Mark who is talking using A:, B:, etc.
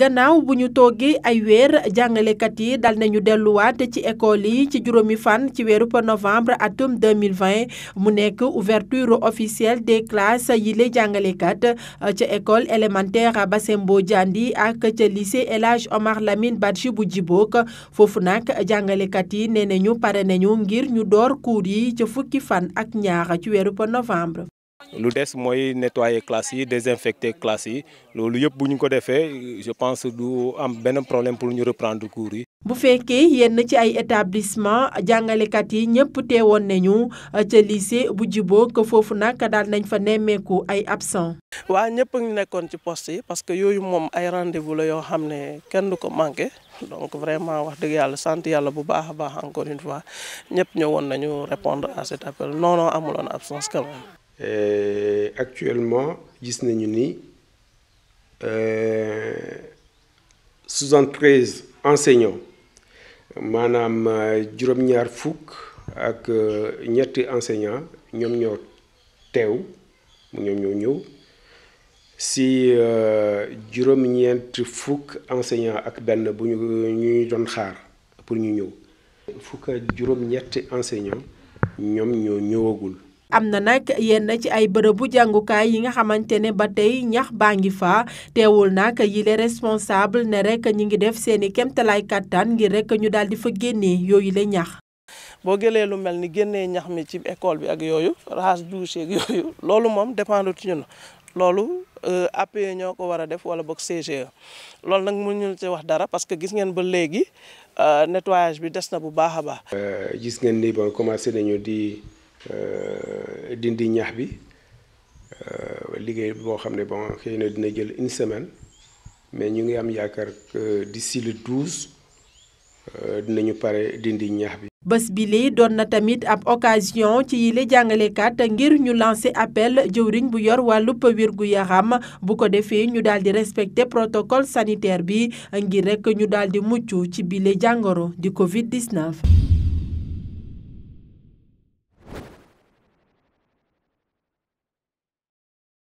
A: gannaaw bu ñu toogee ay weer jàngalekat yi dal nañu delluwaat ci école yi ci juróomi fan ci weeru novembre atum 2020 mu nekk ouverture officielle des classes yi lay jàngalekat euh, ca école élémentaire Bassembo Diandi ak ca lycée El Hadj Lamine Badji bu Djibok foofu nag jàngalekat yi nee nañu pare nañu ngir ñu door cours yi ca fukki fan ak ñaar ci weeru novembre
B: lu des mooy nettoyer classe yi désinfecter classe yi loolu yëpp bu ñu ko defee je pense du am benn problème pour ñu reprendre cours yi.
A: bu fekkee yenn ci ay établissement jàngalekat yi ñëpp teewoon nañu euh, ca lycée bu Djibock foofu nag daal nañ fa nemmeeku ay absent.
C: Wa, ñëpp ngi nekkoon ci poste yi parce que yooyu moom ay rendez-vous la yoo xam ne kenn du ko donc vraiment wax dëgg yàlla sant yàlla bu baax baax encore une fois ñëpp ñëwoon nañu répondre à cet appel non non amuloon absence quand même.
B: Euh, actuellement gis nañu ni 73 euh, enseignants maanaam euh, juróom-ñaar fukk ak ñetti enseignants ñoom ñoo teew ñoom ñoo ñëw si juróom-ñeent fukk enseignants ak ben bu ñu ñuy doon xaar pour ñu ñëw fukk ak juróom-ñetti enseignants ñoom ñoo ñëwagul.
A: am na nag yenn ci ay bërëbu jàngukaay yi nga xamante ne ba tey ñax baa ngi fa teewul nag yi les responsable ne rek ñi ngi def seeni kemtalaay kàttan ngir rek ñu daal di fa génnee yooyu la ñax
C: boo gëlee lu mel ni génnee ñax mi ci école bi ak yooyu raxas douche ak yooyu loolu moom dépendre ci ñun loolu eh, APE ñoo ko war a def wala boog CGE loolu nag mënuñu ci wax dara parce que gis ngeen ba léegi eh, nettoyage bi des na bu baax a baax.
B: Eh, gis ngeen ni bon commencé nañu di. Euh, dindi ñax bi euh, liggéey boo xam ne bon une semaine mais ñu ngi que d'ici le 12 euh, dinañu pare dindi ñax
A: bi. occasion ci yile appel jëwriñ bu yor wàllub wérgu yaram bu ko respecter protocole sanitaire bi ngir rek ñu daal di mucc ci Covid 19.